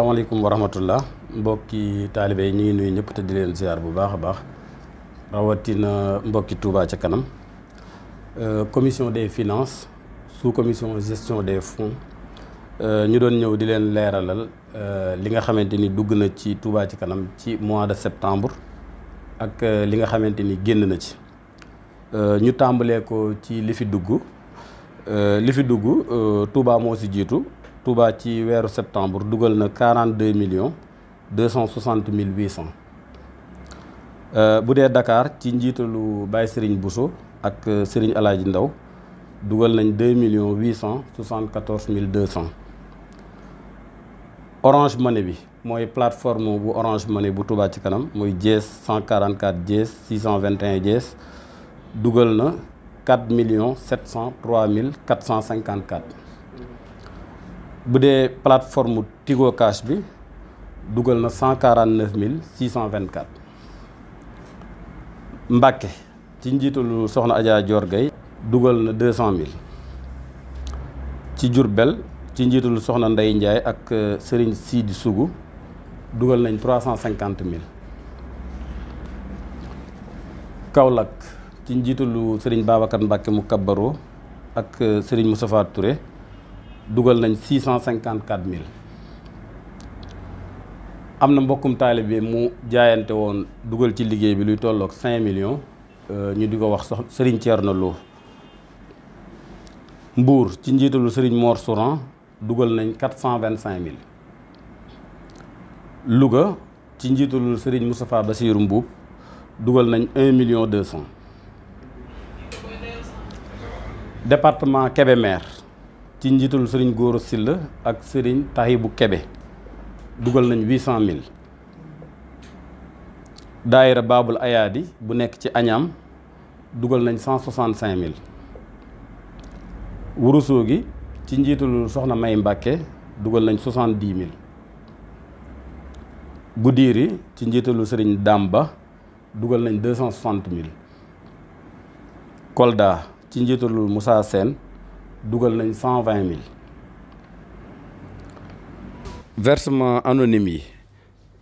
asalaamaaleykum wa rahmatullah mbokki taalibe yi ñu ngi nuyu ñëpp te di leen ziar bu baax a baax rawatina mbokki Touba ci kanam euh, commission des finance su commission gestion des fonds euh, ñu doon ñëw di leen leeralal euh, li nga xamante ni dugg na ci Touba ci kanam ci mois de septembre ak li nga xamante ni génn na ci ñu tàmbalee ko ci li fi dugg li fi dugg Touba moo si jiitu Touba ci weeru septembre dugal na deux millions 260 mille 800 euh, bu dee dakaar ci njiitalu Baye Serigne Bousso ak euh, Serigne Alaaji Ndaw dugal nañ 2 millions 874 mille 200 Orange Money bi mooy plateforme bu Orange Money bu Touba ci kanam muy jees 144 jees 621 jees dugal na 4 millions 703 mille cent 454 bu dee plateforme Tigo Cash bi dugal na cent quarante neuf mille six cent vingt quatre Mbàkke ci njiitalu soxna Adja Dior Gueye dugal na deux cent mille ci Diourbel ci njiitalu soxna Ndeye Ndiaye ak euh, Serigne Sidi Sougou dugal nañ trois cent cinquante mille Kaolack ci njiitalu Serigne Babacar Mbàkke mu Kabaro ak euh, Serigne Moustapha Touré dugal nañ six cent cinquante quatre mille am na mbokkum taalibe mu jaayante woon dugal ci liggéey bi luy tolloog cinq millions euh, ñu di ko wax sax Serigne Thierno Lo ci njiitalu Serigne Mor Souran dugal nañ quatre cent vingt cinq mille Louga ci njiitalul Serigne Moustapha Bassirou Mbuub dugal nañ un million deux cent département Kébémer ci njiitul sëriñ Gora Sylla ak sëriñ Tahibou Kébé dugal nañ huit cent mille daayira Baabul Ayaadi bu nekk ci añam dugal nañ cent soixante cinq mille wurusoo gi ci njiitul soxna May Mbàkke dugal nañ soixante dix mille Guddiiri ci njiitalu sëriñ Damba dugal nañ deux cent soixante mille Kolda ci njiitalu Moussa seen dugal nañ cent vingt mille. versement anonyme yi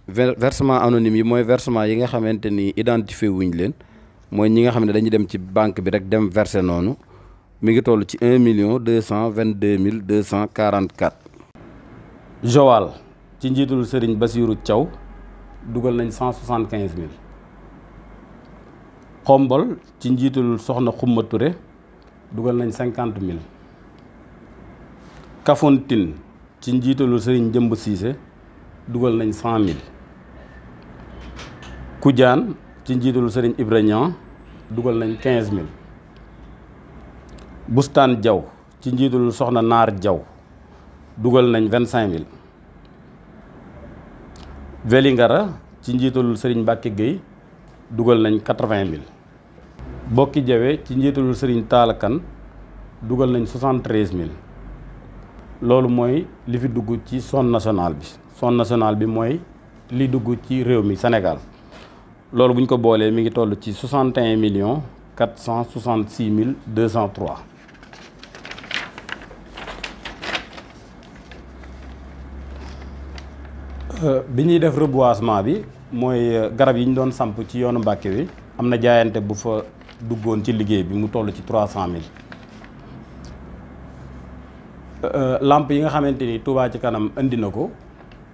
versement anonyme mooy versement yi nga xamante ni identifié wuñ leen mooy ñi nga xam ne dañuy dem ci banque bi rek dem verser noonu mi ngi toll ci un million deux cent vingt deux mille deux cent quarante quatre. Joal ci njiitul Serigne Bassirou caw dugal nañ cent soixante quinze mille Xombol ci njiitul Soxna Xumma dugal nañ cinquante mille. Kafountine ci njiitalu Serigne Jëmb Siise dugal nañ cent mille Kujaan ci njiitalu Serigne Ibrahima dugal nañ quinze mille Bustaan Jaw ci njiitalu Soxna Naar Jaw dugal nañ vingt cinq mille Velingara ci njiitalul Serigne Mbacke Gueye dugal nañ quatre-vingt mille Bokki Jawe ci njiitalul Serigne Taalakan dugal nañ soixante mille loolu mooy li fi dugg ci zone nationale bi zone nationale bi mooy li dugg ci réew mi Sénégal loolu bu ñu ko boolee mi ngi toll ci million 61 millions 466 mille 203 euh, bi ñuy def reboisement bi mooy euh, garab yi ñu doon samp ci yoonu Mbàkke wi am na jaayante bu fa duggoon ci liggéey bi mu toll ci 300 mille Euh, làmp yi nga xamante ni Touba ci kanam indi na ko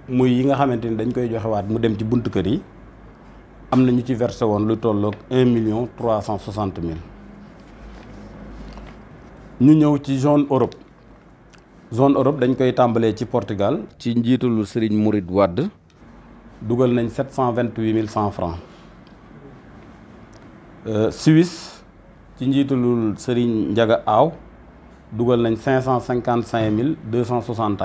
muy yi nga xamante ni dañ koy joxewaat mu dem ci buntu kër yi am na ñu ci versé woon lu tolloog un million trois cent soixante mille ñu ñëw ci zone Europe zone Europe dañ koy tàmbalee ci Portugal ci njiitalu Serigne Mouride Wade dugal nañ sept cent vingt huit mille cent francs euh, Suisse ci njiitalul Serigne Ndiaga Aw dugal nañ cinq cent cinquante cinq mille deux cent soixante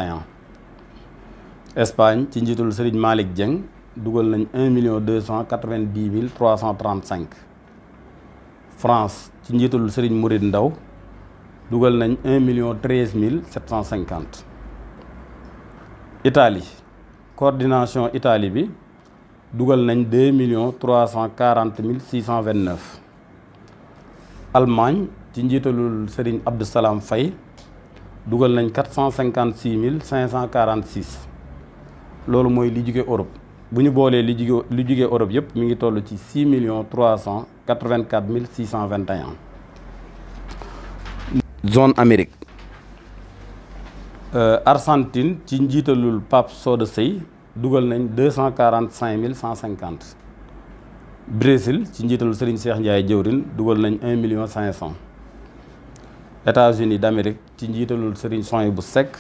et un ci njiitul Serigne Malick Dieng dugal nañ un million deux cent quatre vingt mille trois cent trente cinq France ci njiitul Serigne Mouride Ndaw dugal nañ un million treize mille sept cent cinquante Italie coordination Italie bi dugal nañ deux millions trois cent quarante mille six cent vingt neuf Allemagne ci njiitalul Serigne Abdou Salam Faye dugal nañ quatre cent cinquante six mille cinq cent quarante six loolu mooy li jóge Europe bu ñu boolee li jóge li jóge Europe yëpp mi ngi toll ci six millions trois cent quatre vingt mille six cent vingt et un zone Amérique euh, Argentine ci njiitalul Pape Soda Sey dugal nañ deux cent quarante cinq mille cent cinquante Brésil ci njiitalul Serigne seex Ndiaye jëwrin dugal nañ un million cinq cent États-Unis d'Amérique ci njiitalul Serigne bu Seck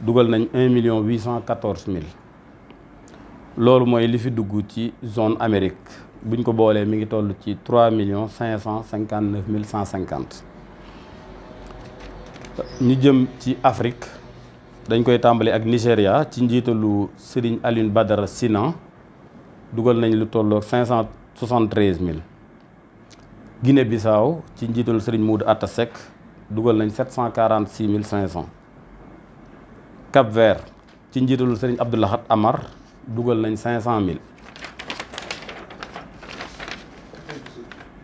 dugal nañ un million huit cent quatorze mille loolu mooy li fi dugg ci zone Amérique buñ ko boolee mi ngi toll ci trois millions cinq cent cinquante neuf mille cent ñu jëm ci Afrique dañ koy tàmbali ak Nigéria ci njiitalu Serigne aline Badara Sinan dugal nañ lu tolloog cinq cent soixante mille Guinée Bissau ci njiitalu Serigne Moudou Atta Seck dugal nañ sept cent quarante six mille cinq cent Cap Vert ci njiitalu Serigne Abdou Lahad dugal nañ cinq cent mille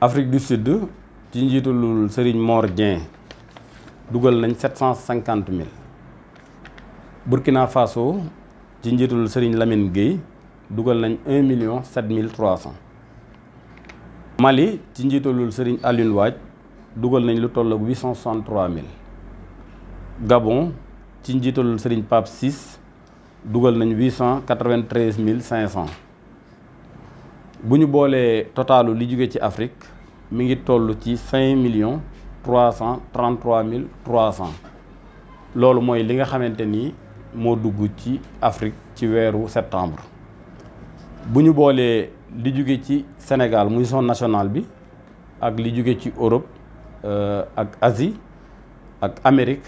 Afrique du Sud ci njiitalu Serigne Mor Dieng dugal nañ sept cinquante mille Burkina Faso ci njiitalu Serigne Lamine Guèye dugal nañ un million sept mille trois cent Mali ci njiitalul Serigne Alioune dugal nañ lu toll ak huit cent soixante-trois Gabon ci njiital Serigne Pape Ciss dugal nañu huit cent quatre vingt mille cinq cent bu ñu boolee totalu li juge ci Afrique mi ngi toll ci cinq millions trois cent trente mille trois cent loolu mooy li nga xamante ni moo dugg ci Afrique ci weeru septembre bu ñu boolee li juge ci Sénégal muy son national bi ak li juge ci Europe Euh, ak asi ak Amérique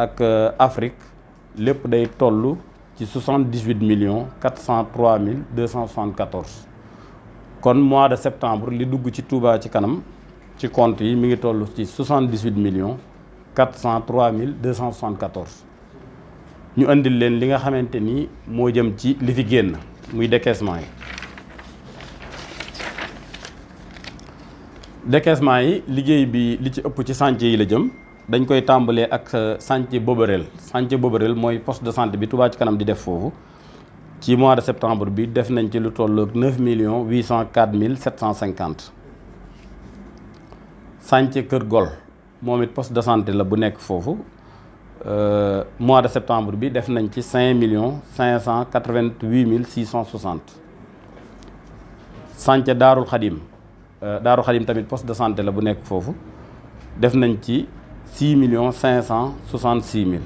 ak euh, Afrique lépp day toll ci soixante dix huit millions quatre cent trois mille deux cent soixante quatorze kon mois de septembre li dugg ci Touba ci kanam ci compte yi mi ngi toll ci soixante dix huit millions quatre cent trois mille deux cent soixante quatorze ñu indil leen li nga xamante ni moo jëm ci li fi génn muy décaissement yi. décaissement yi liggéey bi li ci ëpp ci chantier yi la jëm dañ koy tàmbalee ak euh, chantier Boberel chantier Boberel mooy poste de santé bi Touba ci kanam di def foofu ci mois de septembre bi def nañ ci lu tolloog neuf millions huit cent quatre mille sept cent cinquante chantier Kër Gol moom it poste de santé la bu nekk foofu euh, mois de septembre bi def nañ ci cinq millions cinq cent quatre-vingt-huit mille six cent soixante chantier Daarul Xadim Euh, daaru xadim tamit poste de santé la bu nekk foofu def nañ ci six million cinq cent soixante six mille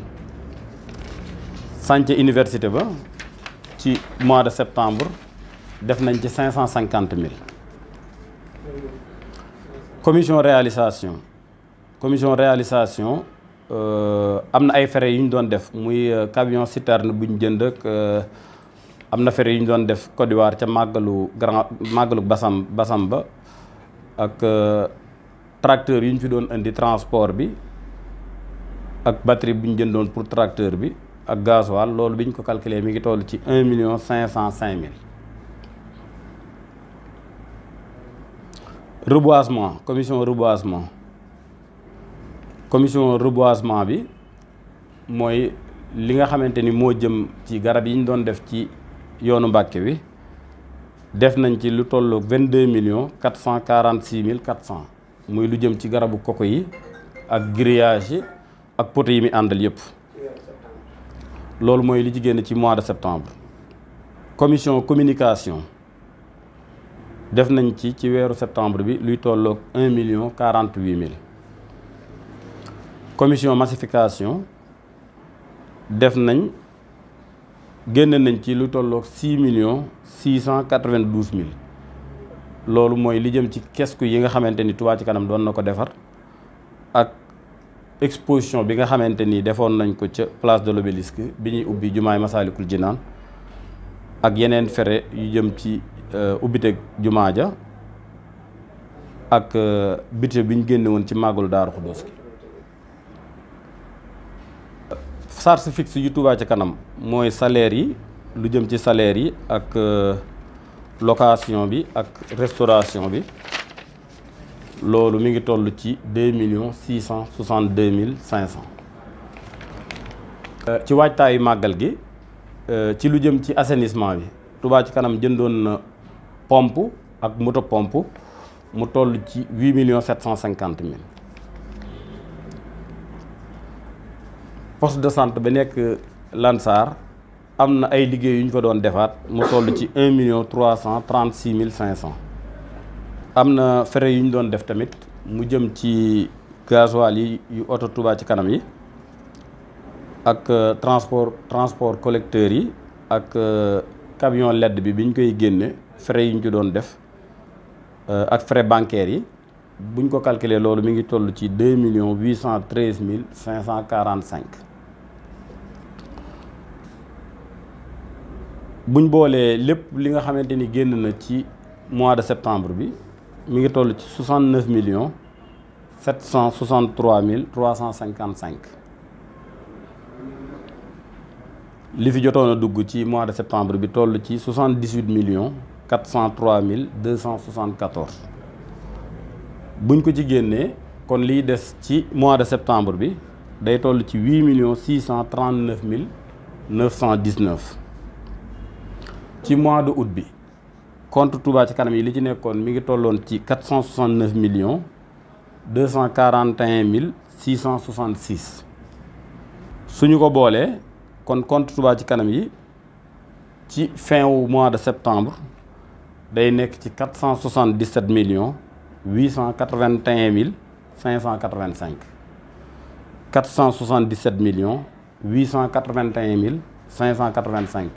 santé université ba ci mois de septembre def nañ ci cinq cent cinquante mill commission réalisation commission réalisation euh, am na ay frais yu ñu doon def muy euh, camion citerne bu ñu jënd ak am na frais yu ñu doon def Côte ca màggalu grand màggalu basam basam ba ak euh, tracteur yi ñu fi doon indi transport bi ak batterie bi ñu jëndoon pour tracteur bi ak gasoil loolu bi ñu ko calculer mi ngi toll ci un million cinq cent cinq mille reboisement commission reboisement commission reboisement bi mooy li nga xamante ni moo jëm ci garab yi ñu doon def ci yoonu Mbàkke wi def nañ ci lu tollu vingt deux millions quatre cent quarante six mille quatre muy lu jëm ci garabu koko yi ak grillage ak poteaux yi muy àndal yëpp loolu mooy li ci ci mois de septembre commission communication def nañ ci ci weeru septembre bi luy tolloog un million quarante huit mille commission massification def nañ génn nañ ci lu tolloog six million six cent quatre-vingt-douze mille loolu mooy li jëm ci kesku yi nga xamante ni Touba ci kanam doon na ko defar ak exposition bi nga xamante ni defoon nañ ko ca place de l'obélisque bi ñuy ubbi jumaa jumaay Masaalikul Jinaan ak yeneen fere yu jëm ci euh, ubbiteg jumaa ja ak euh, budget bi ñu génne woon ci màggalu Daaru Xudoos gi charge fixe yu Touba ca kanam mooy salaire yi lu jëm ci salaire yi ak euh, location bi ak restauration bi loolu mu ngi toll ci deux millions six cent soixante deux mille cinq euh, ci waajtaayu màggal gi euh, ci lu jëm ci assainissement bi Touba ci kanam jëndoon na pomp ak moto pompe mu toll ci huit millions sept cent cinquante mille poste de santé ba nekk Lansar am na ay liggéey yu ñu ko doon defaat mu toll ci un million trois cent trente six mille cinq cent am na frais yu ñu doon def tamit mu jëm ci gasoil yi yu oto tubaa ci kanam yi ak euh, transport transport collecteurs yi ak euh, camion ledd bi bi ñu koy génne frais yu ñu ci doon def euh, ak frais bancaires yi bu ñu ko calculer loolu mi ngi toll ci deux millions huit cent treize mille cinq cent quarante cinq buñ boolee lépp li nga xamante ni génn na ci mois de septembre bi mi ngi toll ci soixante neuf millions sept cent trois mille trois cent cinquante cinq li fi jotoon a dugg ci mois de septembre bi toll ci soixante dix huit millions quatre cent trois mille deux cent soixante quatorze buñ ko ci génnee kon liy des ci mois de septembre bi day toll ci huit millions six cent trente neuf mille neuf cent dix neuf ci mois de août bi compte Touba ci kanam yi li ci nekkoon mi ngi tolloon ci quatre cent soixante neuf millions deux cent quarante et mille six cent soixante six suñu ko boolee kon compte Touba ci kanam yi ci fin wu mois de septembre day nekk ci quatre cent soixante dix sept millions huit cent quatre vingt et un mille cinq cent quatre vingt cinq quatre cent soixante dix mille cinq cent quatre vingt cinq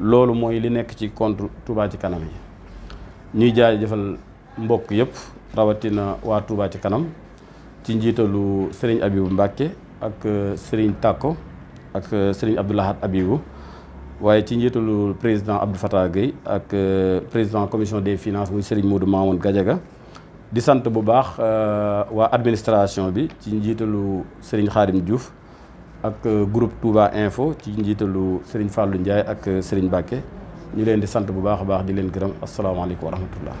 loolu mooy li nekk ci compte Touba ci kanam yi ñuy jëfal mbokk yëpp rawatina waa Touba ci kanam ci njiitalu sëriñ Abibu Mbàkke ak euh, sëriñ Tàkko ak euh, sëriñ Abdoulahat Abibu waaye ci njiitalu président Abdou Fatah Gueye ak euh, président commission des finances muy sëriñ Modou Mamoun Gadiaga di sant bu baax waa administration bi ci njiitalu sëriñ Xaarim Diouf ak euh, groupe Touba Info ci njiitalu Serigne Fallou Ndiaye ak euh, Serigne Bakke ñu leen di sant bu baax a baax di leen gërëm asalaamaaleykum wa rahmatullah